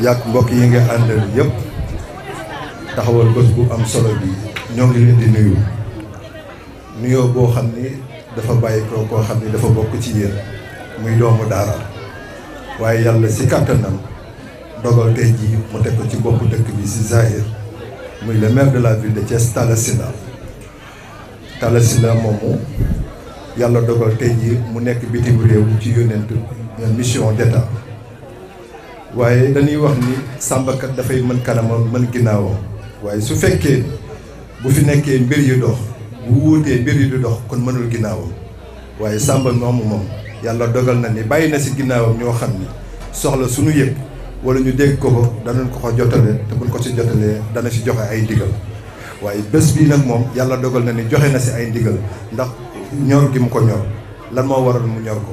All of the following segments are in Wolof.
yàgg mbokk yi nga àndal yëpp taxawal bët bu am solo bi ñoo ngi leen di nuyu nuyoo boo xam ni dafa bàyyi ko koo xam ni dafa bokk ci yéen muy doomu daara waaye yàlla si kàttanam dogal tey jii mu teg ko ci boppu dëkk bi si Zahir muy le de la ville de Thiès Talla Sylla Talla moomu yàlla dogal tey jii mu nekk bitim réew ci yónneent mission d'état waaye dañuy wax ni sàmbakat dafay mën kanamam mën ginnaawam waaye su fekkee bu fi nekkee mbir yu dox bu wuutee mbir yu dox kon mënul ginnaawam waaye sàmba moomu moom yàlla dogal na ni bàyyi na si ginnaawam ñoo xam ni soxla suñu yëpp wala ñu dégg ko ko danañ ko ko jotalee te buñ ko si jotalee dana si joxe ay ndigal waaye bés bii nag moom yàlla dogal na ni joxe na si ay ndigal ndax ñor gi mu ko ñor lan moo waral mu ñor ko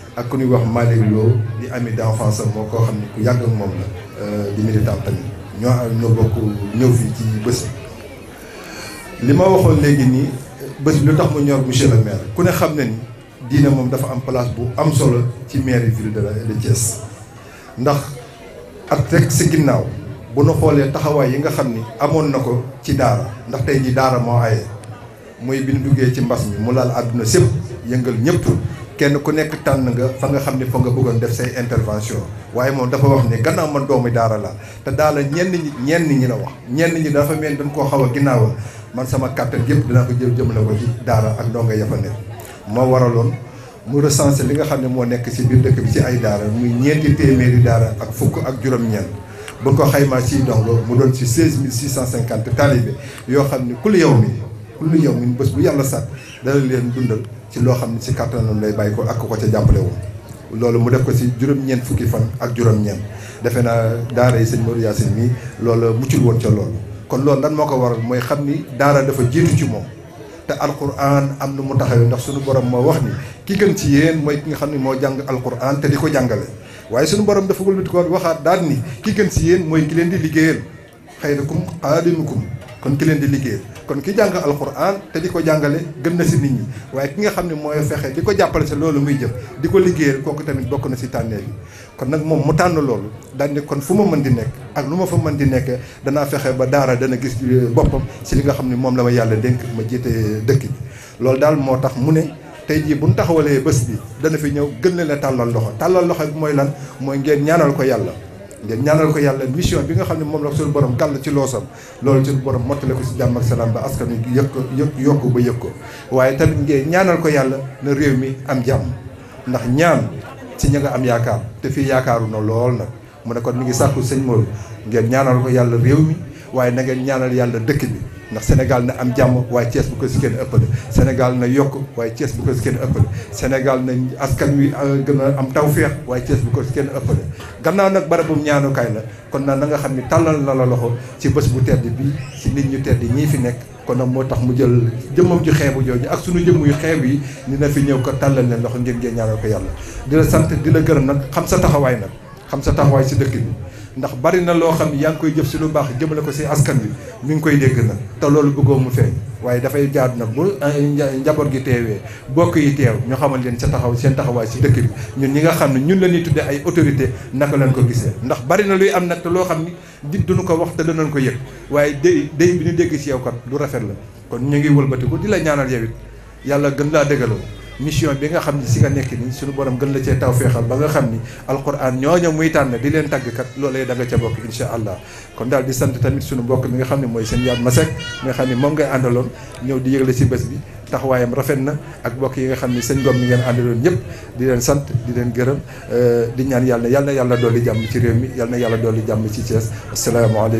ak ku ñuy wax Malick Lo di ami d'enfance moo koo xam ne ku yàgg ak moom la euh, di militant tamit ñoo ñoo bokk ñëw fii ci bés li ma waxoon léegi nii bés bi lu tax mu ñor monsieur le maire ku ne xam ne ni diine moom dafa am place bu am solo ci mairie ville de la de Thiès ndax at rek si ginnaaw bu nu xoolee taxawaay yi nga xam ni amoon na ko ci daara ndax tey ji daara moo aye muy bi duggee ci mbas mi mu laal àdduna sépp yëngal ñëpp kenn ku nekk tànn nga fa nga xam ne fa nga bëggoon def say intervention waaye moom dafa wax ne gannaaw man doomu daara laa te daala ñenn ñi ñenn ñi la wax ñenn ñi dafa mel dañ koo xaw a man sama kàttan yëpp dinaa ko jël jëmale ko ci daara ak ndongo ya fa nekk moo waraloon mu recensé li nga xam ne moo nekk si biir dëkk bi si ay daara muy ñeenti téeméeri daara ak fukk ak juróom-ñeent bu ko xaymaa siy dongo mu doon si 16650 taalibe yoo xam ne ku yow mi kullu yow min bés bu yàlla sàkk dana leen dundal ci loo xam ne ci kattanam lay bàyyi ko ak ko ca jàppale woon loolu mu def ko ci juróom-ñeent fukki fan ak juróom-ñeent defe naa daara yi sëñ Modou Yacine mii loolu muccul woon ca loolu kon loolu lan moo ko waral mooy xam ni daara dafa jiitu ci moom te alquran am na mu taxawee ndax sunu borom moo wax ni ki gën ci yéen mooy ki nga xam ne moo jàng alquran te di ko jàngale waaye suñu borom dafa gul ko waxaat daal ni ki gën yéen mooy ki leen di liggéeyal xëy na kum xaadimukum kon ki leen di liggéeyal kon ki jàng alxuraan te di ko jàngale gën na si nit ñi waaye ki nga xam ne mooy fexe di ko jàppale sa loolu muy jëf di ko liggéeyal kooku tamit bokk na si tànnee bi kon nag moom mu tànn loolu daal ni kon fu ma mën di nekk ak lu ma fa mën di nekkee danaa fexe ba daara dana gis euh, boppam si li nga xam ne moom la ma yàlla dénk ma jiite euh, dëkk bi loolu daal moo tax mu ne tey jii bu ñu taxawalee bés bi dana fi ñëw gën la a tàllal loxo tàllal loxo bi mooy lan mooy ngeen ñaanal ko yàlla ngeen ñaanal ko yàlla mission bi nga xam ne moom la suñu borom gàll ci loosam loolu suñu borom mottale ko si jàmm ak salaam ba askan wi yëg ko yë yokk ba yëg ko waaye tamit ngeen ñaanal ko yàlla na réew mi am jàmm ndax ñaan si ña nga am yaakaar te fii yaakaaru na lool nag mu ne kon mi ngi sàkku sëñ Modou ngeen ñaanal ko yàlla réew mi waaye na ngeen ñaanal yàlla dëkk bi ndax Sénégal na am jàmm waaye Thiès bu ko si kenn ëppale Sénégal na yokk waaye Thiès bu ko si kenn ëppale Sénégal na askan wi euh, gën a am tawféex waaye cees bu ko si kenn ëppale gannaaw nag barabum ñaanukaay la kon nag na nga xam ni tàllal na la loxo ci bës bu tedd bi ci nit ñu tedd ñii fi nekk kon nag moo tax mu jël jëmmam ju xeebu jooju ak suñu jëmm yu xeeb yi dina fi ñëw ko tàllal leen loxo ngeen ngeen ñaanal ko yàlla di la sant di la gërëm nag xam sa taxawaay nag xam sa taxawaay si dëkk bi ndax bari na loo xam yaa ngi koy jëf si lu baax jëmale ko si askan bi mi ngi koy dégg nag te loolu bëggoo mu feeñ waaye dafay jaadu nag bu ah, njaboot gi teewee bokk yi teew ñu xamal leen sa taxaw seen taxawaay si dëkk bi ñun ñi nga xam ne ñun la ñuy tuddee ay autorité naka lañ ko gisee ndax bari na luy am nag te loo xam ni nit duñu ko wax te danañ ko yëg waaye déy déy bi ñu dégg si yow kat lu rafet la kon ñu ngi wëlbatiku di la ñaanal yow yàlla gën laa dégaloo mission bi nga xam ne si nga nekk nii suñu borom gën la cee taw feexal ba nga xam ni alquran ñooña muy tànn di leen tàggkat loolee da nga ca bokk incha allah kon daal di sant tamit suñu mbokk mi nga xam ne mooy seen yaat Masek mi nga xam ne moom ngay àndaloon ñëw di yëgle si bés bi taxawaayam rafet na ak bokk yi nga xam ne seen gom mi ngeen àndaloon ñëpp di leen sant di leen gërëm eh, di ñaan yàlla yàlla na yàlla dolli jàmm ci réew mi yàlla na yàlla dolli jàmm ci Thiès asalaamaaleykum